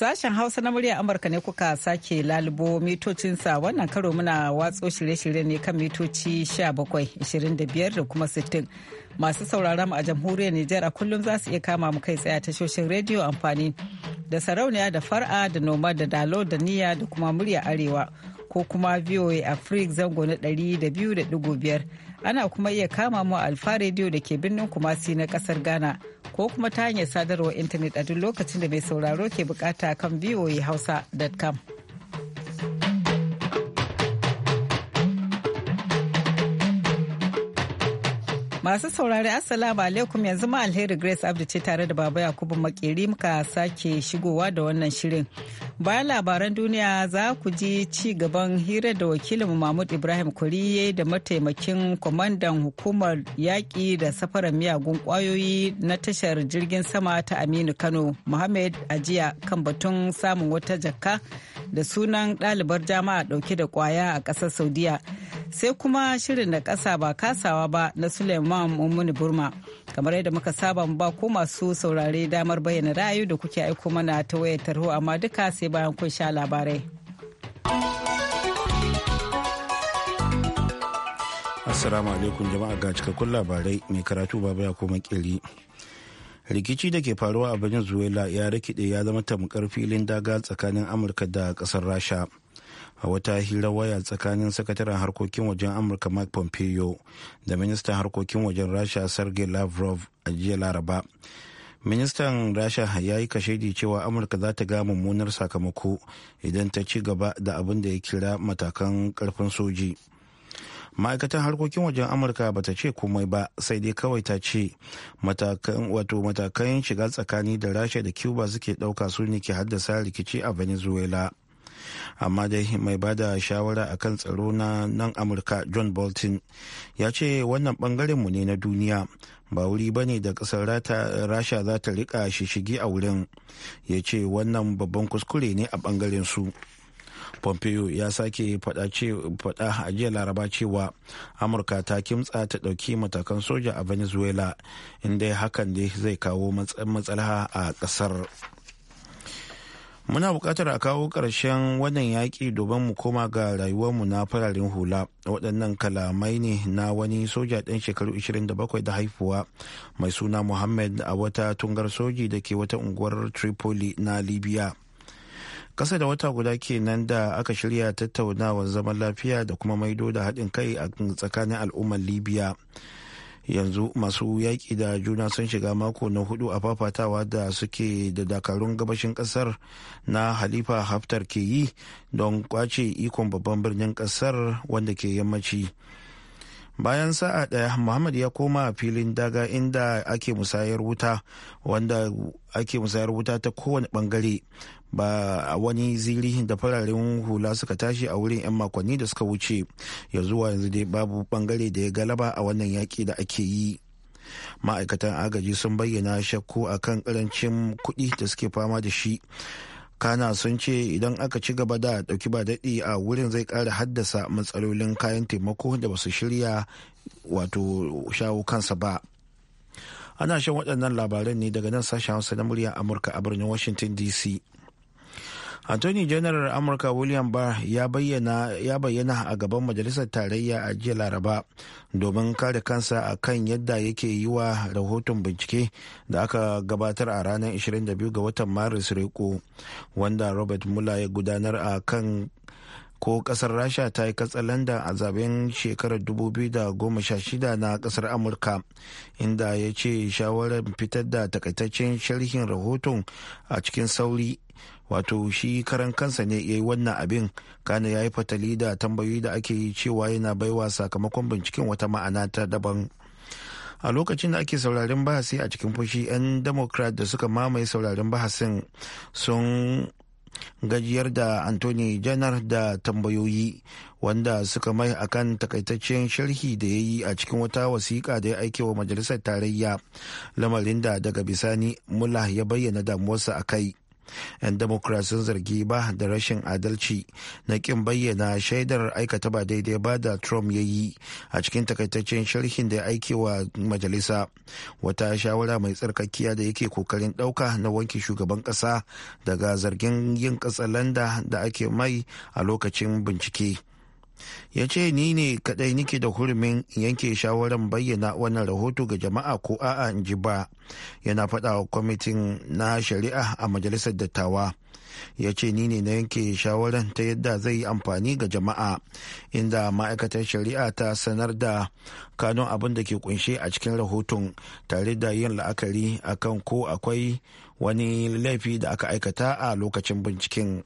Sashen Hausa na murya Amurka ne kuka sake lalubo mitocinsa wannan karo muna watso shirye-shirye ne kan mitoci 17, 25 da kuma 60. Masu sauraron mu a jamhuriyar Nijar a kullum za su iya kama mu kai tsaye tashoshin rediyo amfani da sarauniya da far'a da noma da dalo da niyya da kuma murya arewa ko kuma VOA afrik zango na 200.5 ana kuma iya kama mu a alfa rediyo da ke birnin kumasi na kasar ghana ko kuma ta hanyar sadarwar intanet a duk lokacin da mai sauraro ke bukata kan voahausa.com. hausa.com Masu saurari Assalamu alaikum yanzu ma alheri Grace Abdu ce tare da Baba Yakubu Makeri muka sake shigowa da wannan shirin. Bayan labaran duniya za ku ji ci gaban hirar da wakilin Mahmud Ibrahim Kuriye da mataimakin kwamandan hukumar yaƙi da safarar miyagun ƙwayoyi na tashar jirgin sama ta Aminu Kano Muhammad Ajiya kan batun samun wata jaka. da sunan ɗalibar jama'a ɗauke da kwaya a ƙasar saudiya sai kuma shirin da ƙasa ba kasawa ba na suleiman mummuni burma kamar yadda muka saba ba ko masu saurare damar bayyana ra'ayi da kuke aiko mana ta wayar tarho amma duka sai bayan kun sha labarai assalamu alaikum jama'a ga cikakkun labarai mai karatu babu ya koma kiri rikici da ke faruwa a venezuela ya rikide ya zama tamkar filin daga tsakanin amurka da kasar rasha a wata hira waya tsakanin sakataren harkokin wajen amurka mike pompeo da ministan harkokin wajen rasha sergei lavrov a jiya laraba ministan rasha ya yi kashedi cewa amurka za ta ga mummunar sakamako idan ta ci gaba da abin da ya kira matakan karfin soji. ma'aikatan harkokin wajen amurka ba ta ce komai ba sai dai kawai ta ce wato matakan shiga tsakani da rasha da cuba suke dauka su ne ke haddasa rikici a venezuela amma dai mai bada shawara a kan tsaro na nan amurka john bolton ya ce wannan bangarenmu ne na duniya ba wuri ba ne da kasar rasha za ta rika shishigi a wurin ya ce wannan babban kuskure ne a bangaren su. pompeo ya sake fada a jiya laraba cewa amurka ta kimtsa ta dauki matakan soja a venezuela inda hakan ne zai kawo matsala a kasar. muna bukatar a kawo karshen wannan yaƙi domin mu koma ga rayuwarmu na fararen hula waɗannan kalamai ne na wani soja ɗan shekaru 27 da haifuwa mai suna muhammad a wata tungar soji da ke wata unguwar tripoli na libya kasa da wata guda kenan da aka shirya tattaunawar zaman lafiya da kuma maido da haɗin kai a tsakanin al'ummar libya yanzu masu yaƙi da juna sun shiga mako na hudu a fafatawa da suke da dakarun gabashin ƙasar na halifa haftar ke yi don kwace ikon babban birnin ƙasar wanda ke yammaci bayan sa'a ɗaya muhammad ya koma filin daga inda ake musayar wuta wanda ake musayar wuta ta kowane bangare ba a wani ziri da fararen hula suka tashi a wurin 'yan makonni da suka wuce ya zuwa yanzu dai babu bangare da ya galaba a wannan yaƙi da ake yi ma'aikatan agaji sun bayyana shakku kan karancin kuɗi da suke fama da shi kana sun ce idan aka ci gaba da ɗauki ba daɗi a wurin zai ƙara haddasa matsalolin kayan taimako da ba su shirya wato shawo kansa ba ana shan waɗannan labaran ne daga nan sashen hausa na murya amurka a birnin washington dc attorney general amurka william barr ya bayyana a gaban majalisar tarayya a jiya laraba domin kare kansa a kan yadda yake yi wa rahoton bincike da aka gabatar a ranar 22 ga watan maris reko wanda robert mueller ya gudanar a kan ko kasar rasha ta yi katsalanda a zaben shekarar 2016 na kasar amurka inda ya ce shawarar fitar da takaitaccen sharhin rahoton a cikin sauri wato shi karan kansa ne ya yi wannan abin kana ya yi fatali da tambayoyi da ake yi cewa yana baiwa sakamakon binciken wata ma'ana ta daban a lokacin da ake saurarin bahasi a cikin fushi 'yan democrat da suka mamaye sauraren bahasin sun gajiyar da anthony janar da tambayoyi wanda suka mai a kan takaitaccen sharhi da ya yi a cikin wata wasiƙa da ya aike wa majalisar tarayya lamarin da daga bisani mula ya bayyana damuwarsa a kai 'yan democrat sun zargi ba da rashin adalci na kin bayyana shaidar aikata ba daidai ba da trump ya yi a cikin takaitaccen sharhin da ya aike wa majalisa wata shawara mai tsarkakkiya da yake kokarin ɗauka na wanke shugaban ƙasa daga zargin yin katsalanda da ake mai a lokacin bincike ya ce ni ne kadai nike da hurumin yanke shawarar bayyana wannan rahoto ga jama'a ko a'a in ji ba yana fada wa kwamitin na shari'a a majalisar dattawa ya ce ni ne na yanke shawarar ta yadda zai yi amfani ga jama'a inda ma'aikatar shari'a ta sanar da kanun abin da ke kunshe a cikin rahoton tare da yin la'akari akan ko akwai wani laifi da aka aikata a lokacin binciken.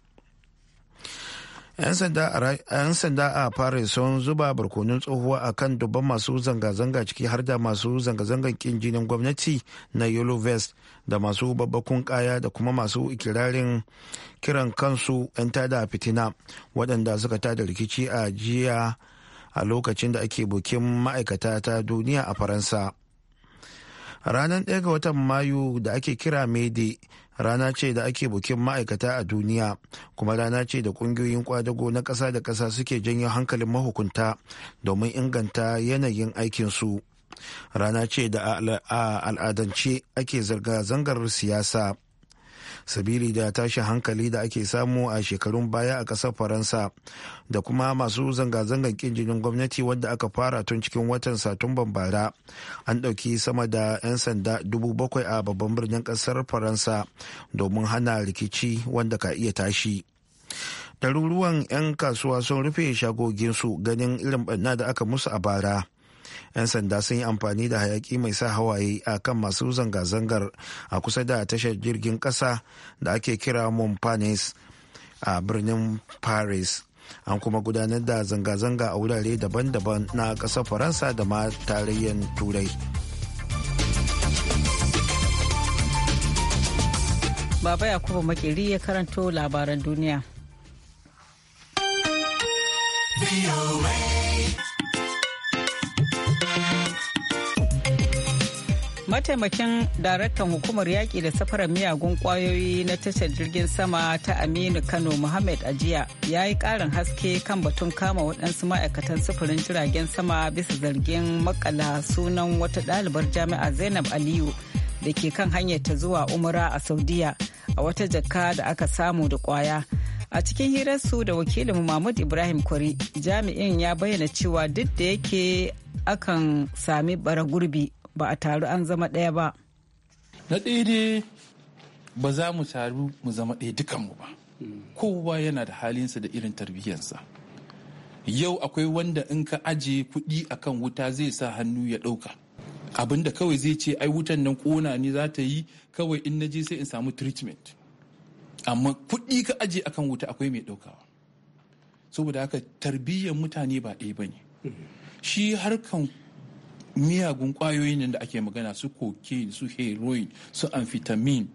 'yan sanda a paris sun zuba barkonin tsohuwa a kan dubban masu zanga-zanga ciki har da masu zanga-zangar kin jinin gwamnati na yellow vest da masu babbakun kaya da kuma masu ikirarin kiran kansu 'yan tada fitina waɗanda suka tada rikici a jiya a lokacin da ake bukin ma'aikata ta duniya a faransa ranar ɗaya ga watan mayu da ake kira mede rana ce da ake bukin ma'aikata a duniya kuma rana ce da ƙungiyoyin kwadago na ƙasa da ƙasa suke janyo hankalin mahukunta domin inganta yanayin aikinsu rana ce da a al'adance ake zirga-zangar siyasa sabili da tashin hankali da ake samu a shekarun baya a ƙasar faransa da kuma masu zanga-zangar kin jinin gwamnati wadda aka fara tun cikin watan satumban bara an ɗauki sama da 'yan sanda dubu bakwai a babban birnin ƙasar faransa domin hana rikici wanda ka iya tashi ɗaruruwan 'yan kasuwa sun rufe shagoginsu ganin irin ɓanna da aka musu a bara 'yan sanda sun yi amfani da hayaki mai sa hawaye a kan masu zanga-zangar a kusa da tashar jirgin ƙasa da ake kira montparnasse a birnin paris an kuma gudanar da zanga-zanga a wurare daban-daban na ƙasar faransa da ma tarayyar turai baba yakubu makeri ya karanto labaran duniya. mataimakin daraktan hukumar yaƙi da safarar miyagun ƙwayoyi na tashar jirgin sama ta aminu kano muhammad ajiya ya yi ƙarin haske kan batun kama waɗansu ma'aikatan sufurin jiragen sama bisa zargin makala sunan wata ɗalibar jami'a zainab aliyu da ke kan hanyar ta zuwa umura a saudiya a wata jaka da aka samu da ƙwaya a cikin hirarsu da wakilin mahmud ibrahim kwari jami'in ya bayyana cewa duk da yake akan sami bara gurbi ba a taru an zama ɗaya ba na ɗaya dai ba za mu taru mu zama ɗaya dukanmu ba kowa yana da halinsa da irin tarbiyyarsa yau akwai wanda in ka aje kuɗi akan wuta zai sa hannu ya ɗauka abin da kawai zai ce ai wutan nan ƙona ne za ta yi kawai in na je sai in samu treatment amma kuɗi ka aje akan wuta akwai mai ɗaukawa saboda haka tarbiyyar mutane ba ɗaya ba ne shi harkan miyagun kwayoyin da ake magana su cocaine su heroin su amphetamine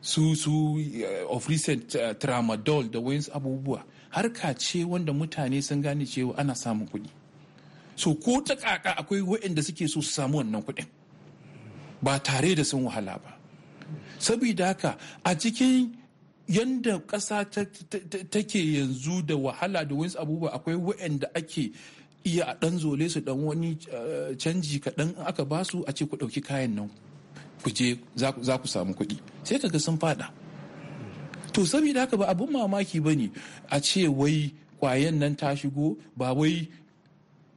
su su eh, of recent eh, tramadol da wayans abubuwa harka ce wanda mutane sun gane cewa ana samun kuɗi so ko ta kaka akwai waɗanda suke so su samu wannan kuɗin ba tare da sun wahala ba saboda haka a cikin yanda ƙasa take yanzu da wahala da wasu abubuwa akwai wa'anda ake iya a ɗan zole su ɗan wani eh, canji kaɗan aka ba su a ce ku ɗauki kayan nan ku je za ku samu kuɗi sai kaga sun faɗa to saboda haka ba abin mamaki ba ne a ce wai kwayan nan ta shigo ba wai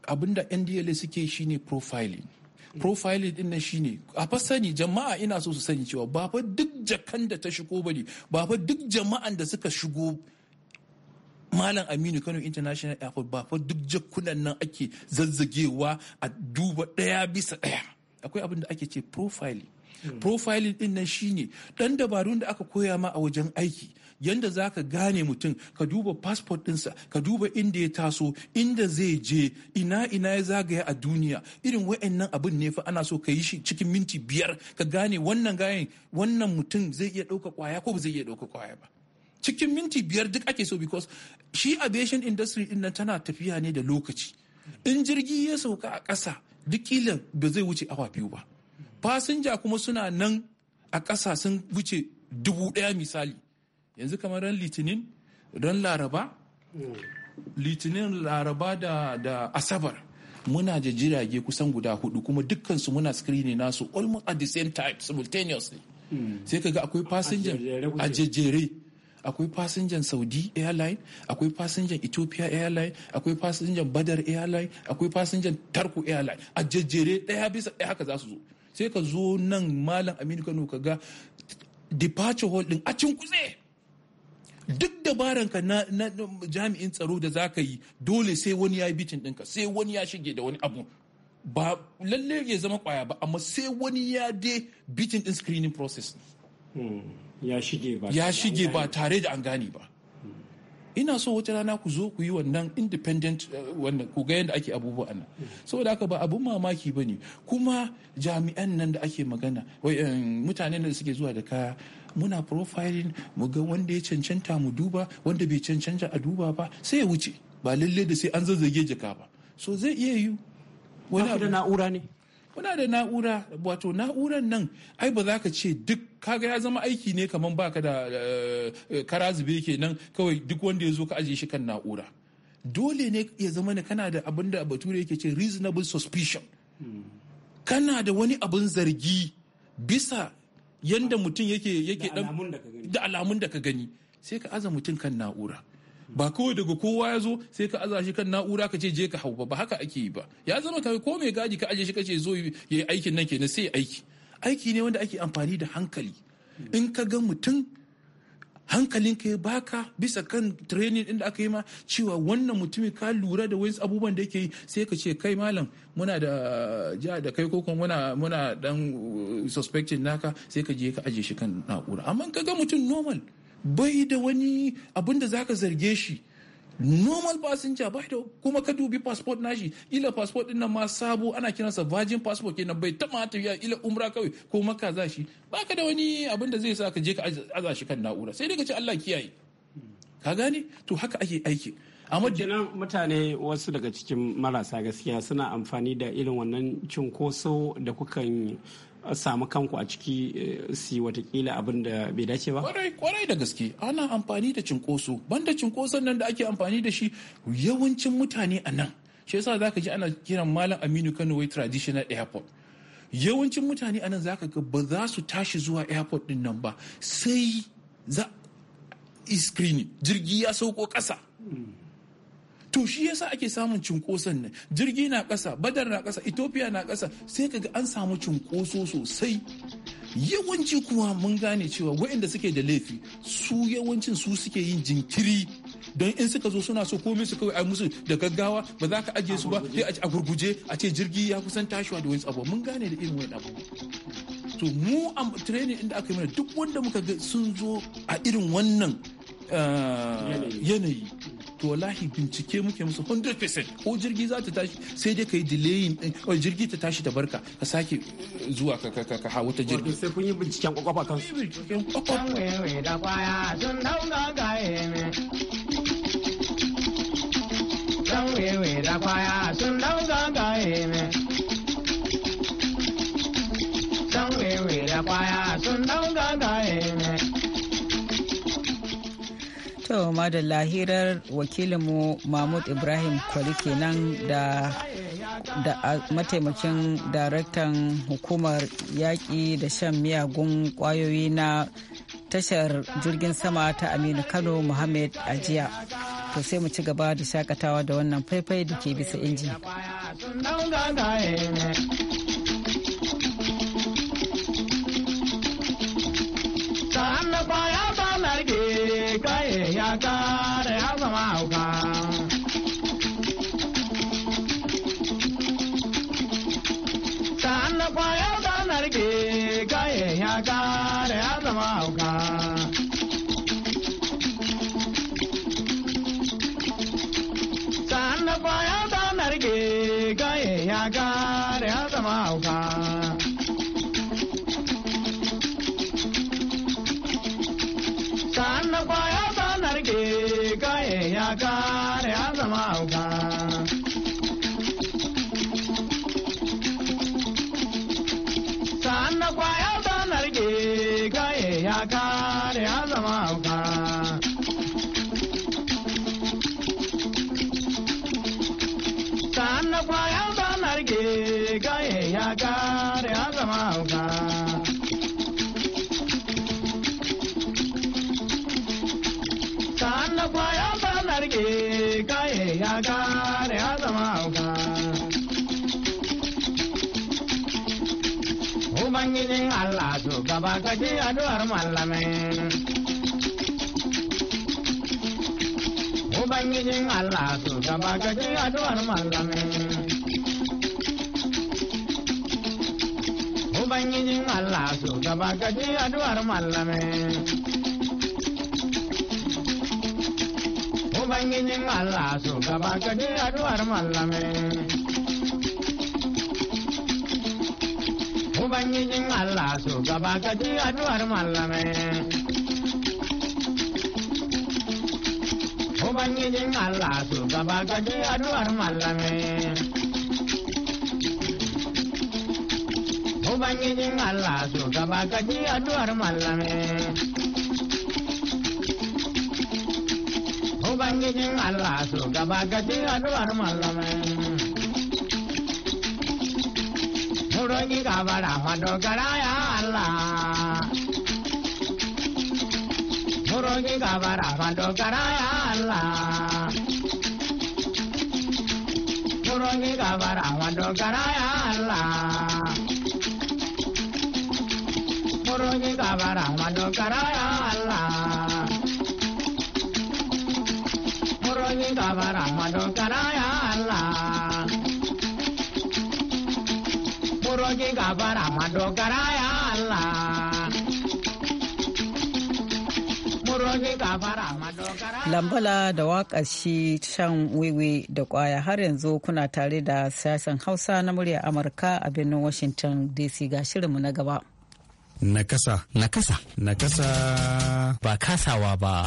abinda ndla suke shine profiling profiling din nan shine a fa sani jama'a ina so su sani cewa ba fa duk jakan da ta shigo bane ba fa duk jama'an da suka shigo malam aminu kano international airport ba fa duk jakunan nan ake zazzagewa a duba ɗaya bisa ɗaya akwai abin da ake ce profiling hmm. profiling din nan shine dan dabarun da aka koya ma a wajen aiki yanda za ka gane mutum ka duba passport dinsa ka duba inda ya taso inda zai je ina ina ya zagaya a duniya irin wa'annan abin ne fa ana so ka yi shi cikin minti biyar ka gane wannan gayen wannan mutum zai iya ɗauka kwaya ko ba zai iya dauka kwaya ba cikin minti biyar duk ake so because shi aviation industry din nan tana tafiya ne da lokaci in jirgi ya sauka a ƙasa duk kila ba zai wuce awa biyu ba fasinja kuma suna nan a ƙasa sun wuce dubu ɗaya misali yanzu kamar ran litinin ran laraba litinin laraba da, da asabar muna da jirage kusan guda hudu kuma dukkansu muna screening nasu almost at the same time simultaneously hmm. sai kaga akwai fasinja a jejjere akwai fasinjan saudi airline akwai fasinjan ethiopia airline akwai fasinjan badar airline akwai fasinjan tarko airline a jejjere daya bisa daya haka za su zo sai ka zo nan malam aminu kano ka ga departure hall din a kutse duk dabaranka na, na jami'in tsaro da za ka yi dole sai wani ya yi bitin ɗinka sai wani ya shige da wani abu ba lalle ya zama kwaya ba amma sai wani ya dai bitin din screening process hmm. ya shige ba tare da an gane ba ina so wata rana ku zo ku yi wannan independent eh, wannan ku ga yadda ake abubuwa nan saboda haka ba abun mamaki ba ne kuma jami'an nan da ake magana eh, mutanen da suke zuwa da kaya muna profiling mu ga wanda ya cancanta mu duba wanda bai cancanta a duba ba sai ya wuce ba lalle da sai an zazzage jaka ba so zai iya yi. wani abu na'ura ne muna da na'ura wato na'uran nan ai ba za ka ce duk kaga ya zama aiki ne kamar baka da eh, eh, karazube ke nan kawai duk wanda ya zo ka ajiye shi kan na'ura dole ne ya zama ne kana da abin da bature yake ce reasonable suspicion hmm. kana da wani abin zargi bisa yanda mutum yake yake da alamun da ka gani sai ka aza mutum kan na'ura ba kawai daga kowa ya zo sai ka aza shi kan na'ura ka ce je ka hau ba ba haka ake yi ba ya zama kai ko mai gadi ka aje shi kace zo ya yi aikin nan kenan sai aiki aiki ne wanda ake amfani da hankali in ka ga mutum hankalin ka ya baka bisa kan training din da aka yi ma cewa wannan mutumi ka lura da wasu abubuwan da yake yi sai ka ce kai malam muna da ja da kai ko kuma muna muna dan suspecting naka sai ka je ka aje shi kan na'ura amma ka ga mutum normal bai da wani abin da zaka zarge shi normal passenger bai da kuma ka dubi passport nashi ila passport din nan ma sabo ana kiransa virgin passport kenan bai taba tafiya ila umra kawai ko maka za shi baka da wani abin da zai sa ka je ka aza shi kan na'ura sai daga ce Allah kiyaye ka gane to haka ake aiki amma kenan mutane wasu daga cikin marasa gaskiya suna amfani da irin wannan koso da kukan samu kanku a ciki eh, si watakila abin da bai dace ba? Kwarai da gaske ana amfani da cinkoso banda cinkoson nan da ake amfani da shi yawancin mutane a nan shi yasa ka ji ana kiran malam Aminu Kano wai traditional airport yawancin mutane a nan zaka ga ba za su tashi zuwa airport din nan ba sai za screening jirgi ya sauko ƙasa hmm. to shi yasa ake samun cinkoson nan jirgi na ƙasa badar na kasa ethiopia na kasa sai kaga an samu cinkoso sosai yawanci kuma mun gane cewa waɗanda suke da laifi su yawancin su suke yin jinkiri don in suka zo suna so komai su kawai a musu da gaggawa ba za ka ajiye su ba sai a gurguje a ce jirgi ya kusan tashiwa da wani abu mun gane da irin wani abu to mu a training inda aka yi mana duk wanda muka ga sun zo a irin wannan eh, yanayi to wallahi bincike muke musu 100% ko jirgi za ta tashi sai dai ka yi delaying din ko jirgi ta tashi ta barka ka sake zuwa ka ka ka hawo ta jirgi sai kun yi binciken kwakwafa kan su binciken kwakwafa da kwaya sun dauka gaye me wewe da kwaya sun dauka gaye me To madalla hirar wakilinmu Mahmud Ibrahim Kwali kenan da da mataimakin daraktan hukumar yaƙi da shan miyagun ƙwayoyi na tashar jirgin sama ta Aminu Kano Muhammad Ajiya. To sai mu ci gaba da shakatawa da wannan faifai da ke bisa inji. Ta kai ya da ya zama hauka. kare ya zama auka. Sa'an na kwaya ta kaye ya kare ya zama auka. Sa'an na kwaya ta kaye ya kare ya zama auka. ubangijin Allah shugaba ka ji addu'ar mallamai. Ubangijin Allah shugaba ka ji addu'ar mallamai. Ubangijin Allah shugaba ka ji addu'ar mallamai. Ubangijin Allah shugaba addu'ar mallamai. Ubangijin Allah so gaba ka ji addu'ar malamai. Ubangijin Allah so gaba ka ji addu'ar malamai. Ubangijin Allah so gaba ka ji addu'ar malamai. Ubangijin Allah so gaba ka ji addu'ar malamai. auren ika bara fa dogara ya Allah auren ika ya Allah ya Allah ya Allah ya Allah Lambala da waƙar shi shan wiwi da ƙwaya har yanzu kuna tare da sashen Hausa na murya Amurka a birnin Washington DC ga shirinmu na gaba. Nakasa. Nakasa. Nakasa. Ba kasawa ba.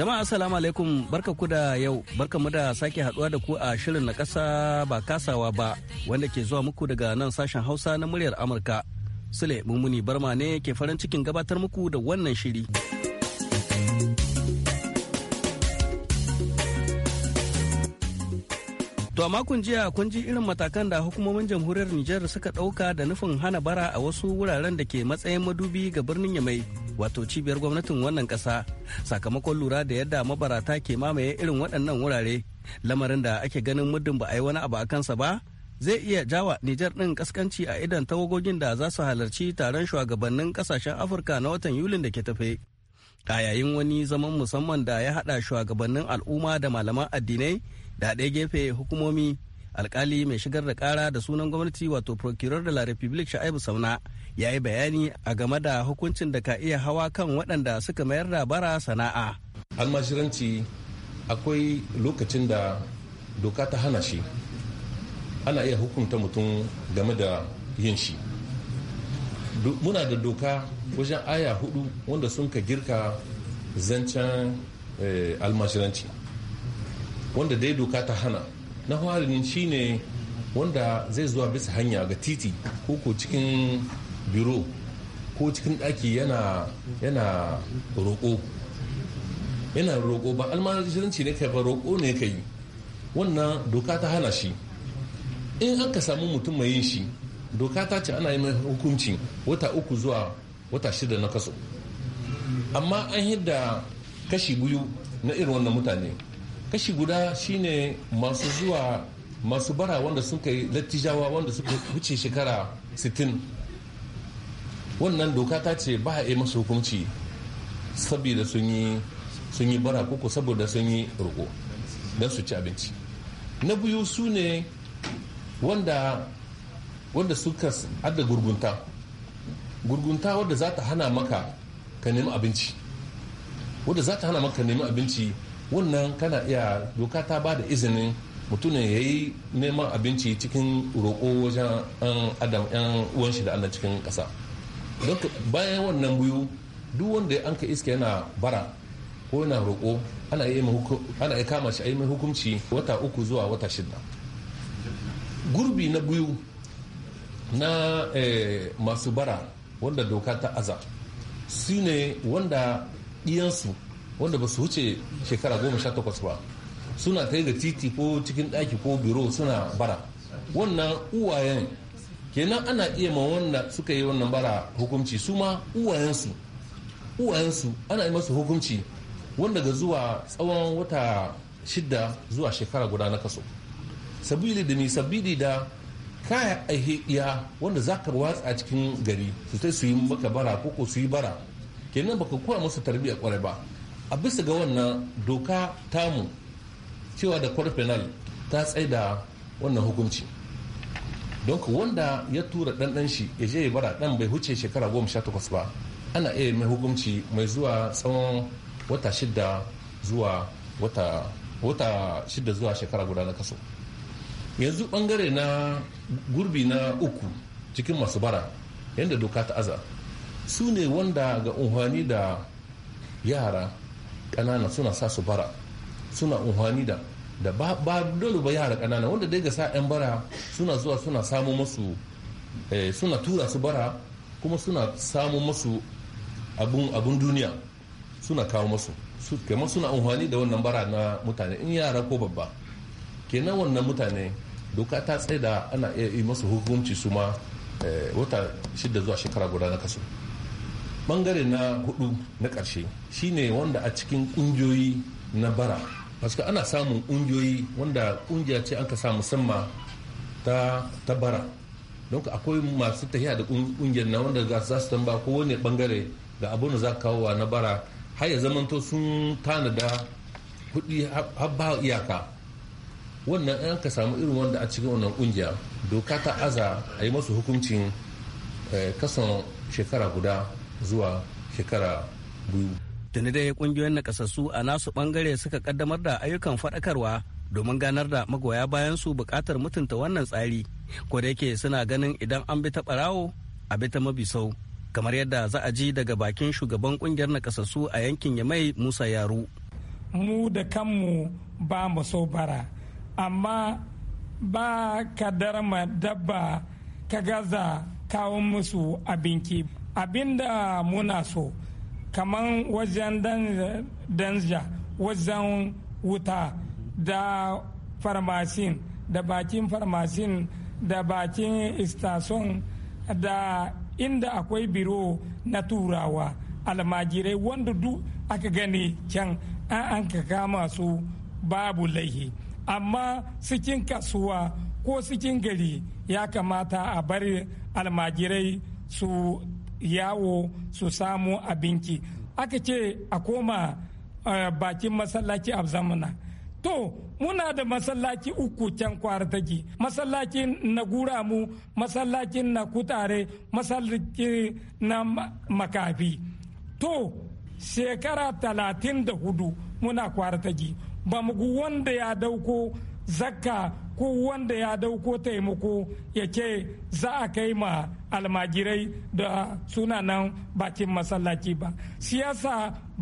Jama'a assalamu alaikum barka ku da yau barka mu da sake haduwa da ku a shirin na kasa ba kasawa ba wanda ke zuwa muku daga nan sashen Hausa na muryar Amurka. Sule Mummuni Barma ne ke farin cikin gabatar muku da wannan shiri. To a makon jiya kun ji irin matakan da hukumomin jamhuriyar Nijar suka ɗauka da nufin hana bara a wasu wuraren da ke matsayin madubi ga birnin Yamai wato cibiyar gwamnatin wannan kasa sakamakon lura da yadda mabarata ke mamaye irin waɗannan wurare lamarin da ake ganin muddin ba a yi wani abu a kansa ba zai iya jawa Nijar ɗin kaskanci a idan tawagogin da za su halarci taron shugabannin ƙasashen Afirka na watan Yulin da ke tafe. A yayin wani zaman musamman da ya haɗa shugabannin al'umma da malaman addinai da ɗaya gefe hukumomi alkali mai shigar da kara da sunan gwamnati wato procureur de la republique sha'ibu sauna ya yi bayani a game da hukuncin da ka iya hawa kan waɗanda suka mayar da bara sana'a almashiranci akwai lokacin da doka ta hana shi ana iya hukunta mutum game da yin shi muna da doka wajen aya hudu wanda sun ka girka zancen eh, almashiranci wanda dai doka ta hana na shi shine wanda zai zuwa bisa hanya ga titi ko ko cikin biro ko cikin daki yana roƙo yana roƙo ba almajiranci ne kai ba roƙo ne kai wannan doka ta hana shi in an ka samu mutum mai yin shi doka ta ce ana yi mai hukunci wata uku zuwa wata shida na kaso amma an hidda kashi biyu na irin wannan mutane kashi guda shine masu zuwa masu bara wanda suka yi lattijawa wanda suka wuce shekara 60 wannan doka ta ce ba a yi masu hukunci saboda sun yi bara koko saboda sun yi roƙo don su ci abinci na biyu su ne wanda wanda suka adda gurgunta gurgunta wadda za ta hana maka ka nemi abinci wadda za ta hana maka ka nemi abinci wannan kana iya doka ta ba da izinin mutumin ya yi neman abinci cikin roƙo wajen an adam yan uwan shi da allah cikin ƙasa don bayan wannan biyu duk wanda an ka iska yana bara ko yana roƙo ana iya kama shi a yi mai hukunci wata uku zuwa wata shida gurbi na biyu na eh, masu bara wanda doka ta aza su ne wanda ɗiyansu wanda ba su wuce shekara goma sha takwas ba suna kai ga titi ko cikin ɗaki ko biro suna bara wannan uwayen kenan ana iya ma wanda suka yi wannan bara hukunci su ma uwayensu uwayensu ana yi masu hukunci wanda ga zuwa tsawon wata shida zuwa shekara guda na kaso sabili da sabili da kaya aihe iya wanda za ka watsa a cikin gari su sai su yi maka bara ko ko su yi bara kenan baka koya musu tarbiyya kwarai ba a bisa ga wannan doka tamu cewa da court penal ta tsaida wannan hukunci don wanda ya tura ɗanɗan shi ya je ya bara ɗan bai huce shekara goma sha takwas ba ana iya mai hukunci mai zuwa tsawon wata shida zuwa wata wata shida zuwa shekara guda na kaso yanzu bangare na gurbi na uku cikin masu bara yadda doka ta aza su ne wanda ga unhwani da yara kanana suna sa su bara suna unhani da da ba, dole ba yara kanana wanda dai ga sa yan bara suna zuwa suna samu masu eh, suna tura su bara kuma suna samu masu abun abun duniya suna kawo masu kamar suna unhani da wannan bara na mutane in yara ko babba kenan wannan mutane doka ta tsaye da ana iya yi masu hukunci su ma eh, wata shida zuwa shekara guda na kasu. bangare na hudu na ƙarshe shine wanda a cikin ƙungiyoyi na bara paske ana samun ƙungiyoyi wanda ƙungiya ce an ka sa musamman ta, bara don akwai masu tafiya da ƙungiyar na wanda za su tamba ko wani bangare ga abin da za kawo na bara har ya zamanto sun tanada kuɗi har ba iyaka wannan an ka samu irin wanda a cikin wannan ƙungiya doka ta aza a yi masu hukuncin eh, kasan shekara guda zuwa shekara biyu. Tuni dai kungiyoyin nakasassu a nasu bangare suka kaddamar da ayyukan faɗakarwa domin ganar da magoya bayan su bukatar mutunta wannan tsari ko da yake suna ganin idan an bi ta barawo a bi ta mabisau kamar yadda za a ji daga bakin shugaban kungiyar nakasassu a yankin yamai musa yaro. mu da kanmu ba mu so bara amma ba ka darma dabba ka gaza kawo musu abinki abinda muna so kamar wajen danja wajen wuta da farmasin da bakin farmasin da bakin istason da inda akwai biro na turawa almajirai wanda duk aka gani can an ka kama su babu laihi amma cikin kasuwa ko cikin gari ya kamata a bari almajirai su yawo su samu abinci aka ce a koma eh, bakin masallaci a zamana to muna da masallaci uku can take masallacin na guramu masallacin na kutare masallacin na makafi to shekara talatin da hudu muna kwartaki ba mu wanda ya dauko zakka ko wanda ya dauko taimako ya ce za a kai ma almajirai da sunanan bakin masallaci ba siyasa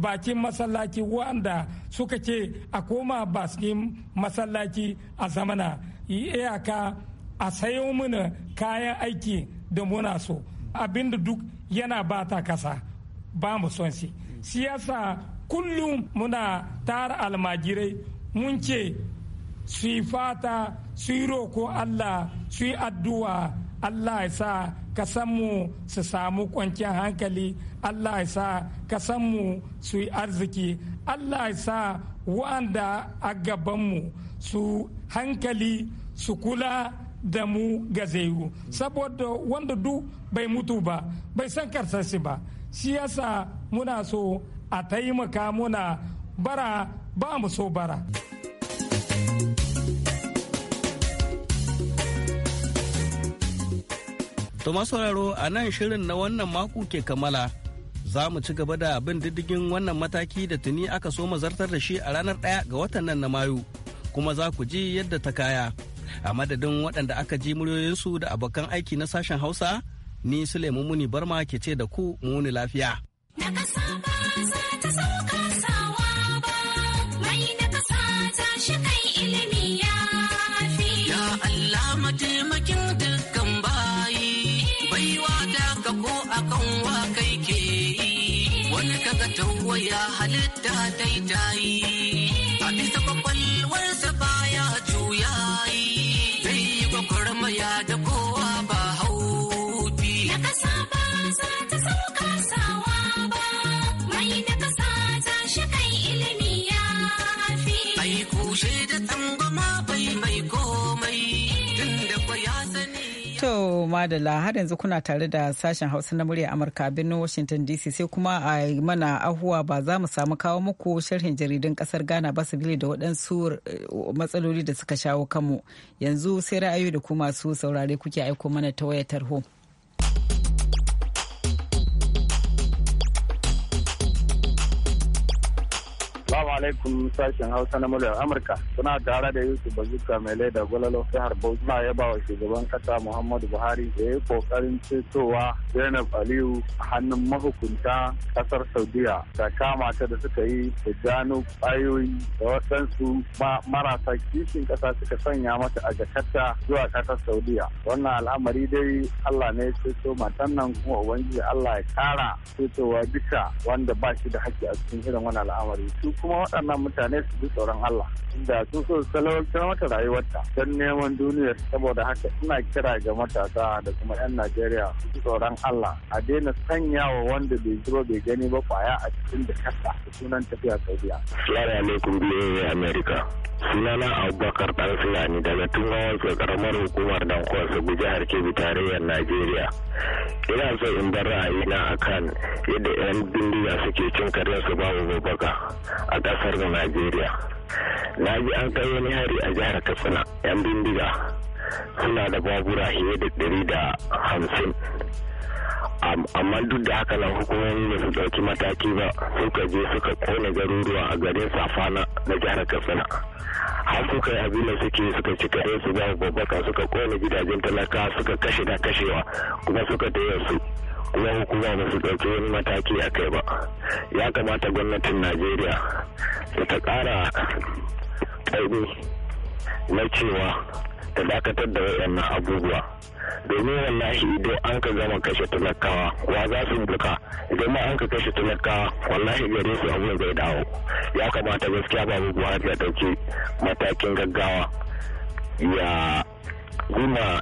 bakin masallaci wanda suka ce a koma bakin masallaci a zamana iyaka a sayo mana kayan aiki da muna so abinda duk yana ba ta kasa ba mu son shi siyasa kullum muna tara almajirai mun ce su yi fata su yi roko Allah su yi addu'a Allah ya sa kasanmu su samu kwanciyar hankali Allah ya sa kasanmu su yi arziki Allah ya sa wa'anda a gabanmu su hankali su kula da mu gazeyu saboda wanda duk bai mutu ba bai san karsasi ba shi yasa muna so a taimaka muna bara ba mu so bara. To sauraro a nan shirin na wannan mako ke kammala. Za mu ci gaba da bin diddigin wannan mataki da tuni aka so zartar da shi a ranar ɗaya ga watan nan na Mayu. Kuma za ku ji yadda ta kaya. A madadin waɗanda aka ji muryoyinsu da abokan aiki na sashen Hausa, ni Suleiman Muni Barma ke ce da ku muni lafiya. Daga ta sauka. Allah halitta daidai a bisa kwakwalwarsa baya juyayi To Madala har yanzu kuna tare da sashen Hausa na murya Amurka a birnin Washington DC sai kuma a mana ahuwa ba za mu samu kawo muku sharhin jaridun kasar Ghana ba sabili da waɗansu eh, matsaloli da suka shawo kanmu. Yanzu sai ra'ayoyi da ku masu saurare kuke aiko mana ta wayar tarho. alaikum sashen Hausa na muryar Amurka. Suna tare da Yusuf Bazuka mai laida gwalalo jihar Bauchi. Na yaba wa shugaban kasa Muhammadu Buhari da ya yi kokarin cetowa Zainab Aliyu a hannun mahukunta kasar Saudiya da kama ta da suka yi da gano kwayoyi da waɗansu marasa kishin kasa suka sanya mata a jakarta zuwa kasar Saudiya. Wannan al'amari dai Allah ne ya ceto matan nan kuma Ubangiji Allah ya kara cetowa bisa wanda ba shi da haƙƙi a cikin irin wannan al'amari. Su kuma waɗannan mutane su bi tsoron Allah inda su so ta mata rayuwarta don neman duniyar saboda haka ina kira ga matasa da kuma 'yan Najeriya su ji tsoron Allah a daina sanya wa wanda bai zuro bai gani ba kwaya a cikin da kasa da sunan tafiya Saudiya. Salamu alaikum biyoyi Amerika. Sunana Abubakar Dan Fulani daga Tungawa ke karamar hukumar Dan Kwasa jihar Kebbi tarayyar Najeriya. Ina so in bar ra'ayina kan yadda 'yan bindiga suke cin su babu babaka. a kasar da Najeriya. Na ji an kai wani hari a jihar Katsina, 'yan bindiga suna da babura fiye da ɗari da hamsin. amma duk da haka nan hukumomi ba su ɗauki mataki ba suka je suka kone garuruwa a garin safana na jihar katsina har suka yi abin da suke suka ci kare su ga babbaka suka kone gidajen talaka suka kashe da kashewa kuma suka taya su kuma hukuma ba su ɗauki wani mataki a kai ba ya kamata gwamnatin najeriya ta ƙara ƙaimi na cewa ta dakatar da waɗannan abubuwa domin wallahi idan an ka gama kashe talakawa wa za su buka idan ma an ka kashe talakawa wallahi gare su abin zai dawo ya kamata gaskiya babu buhari ya dauki matakin gaggawa ya guma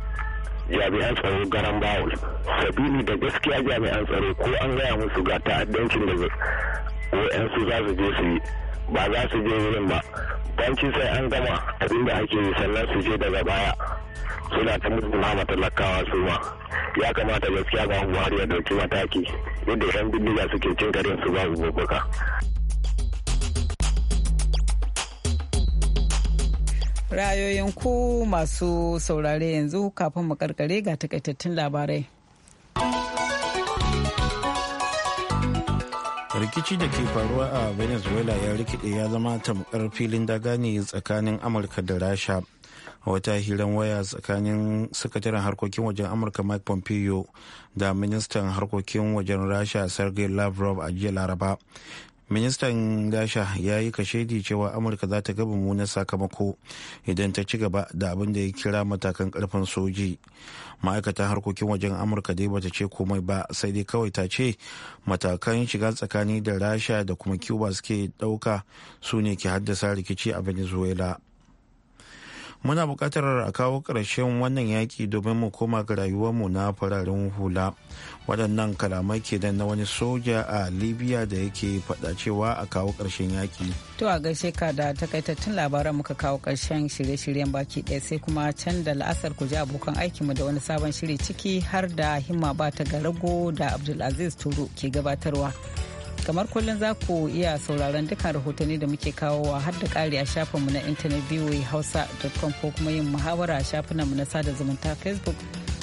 jami'an tsaro garan bawul sabili da gaskiya jami'an tsaro ko an gaya musu ga ta'addancin da wa'yansu za su je su yi ba za su je wurin ba banci sai an gama abin da ake yi sannan su je daga baya suna ta mutum ma talakawa su ma ya kamata gaskiya ba buhari ya dauki mataki yadda yan bindiga suke cin garin su babu bubuka rayoyin ku masu saurare yanzu kafin mu karkare ga takaitattun labarai rikici da ke faruwa a venezuela ya rikide ya zama tamkar filin daga ne tsakanin amurka da rasha a wata hiran waya tsakanin sakataren harkokin wajen amurka mike pompeo da ministan harkokin wajen rasha sergei lavrov a jiya laraba ministan gasha ya yi kashedi cewa amurka za ta ga mummunan sakamako idan ta ci gaba da abin da ya kira matakan karfin soji ma'aikatan harkokin wajen amurka dai bata ce komai ba sai dai kawai ta ce matakan shiga tsakani da rasha da kuma cuba suke dauka su ne ke haddasa rikici a venezuela muna bukatar a kawo ƙarshen wannan yaƙi domin mu koma ga rayuwarmu na fararen hula waɗannan kalamai kenan na wani soja a libya da yake faɗa cewa a kawo karshen yaƙi to a gaishe ka da takaitattun labaran muka kawo ƙarshen shirye-shiryen baki ɗaya sai kuma can da la'asar ku ji abokan aikinmu da wani sabon shiri ciki har da himma ba ta ga rago da abdulaziz turu ke gabatarwa kamar kullum za ku iya sauraron dukkan rahotanni da muke kawowa har da kare a shafinmu na intanet voa hausa.com ko kuma yin muhawara a shafinanmu na sada zumunta facebook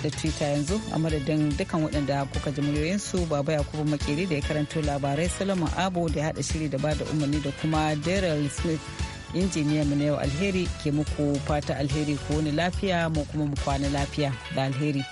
da twitter yanzu a madadin dukkan waɗanda kuka ji muryoyinsu baba yakubu makeri da ya karanto labarai solomon abu da ya haɗa shiri da bada umarni da kuma daryl smith injiniya mu na yau alheri ke muku fata alheri ko wani lafiya mu kuma mu kwana lafiya da alheri.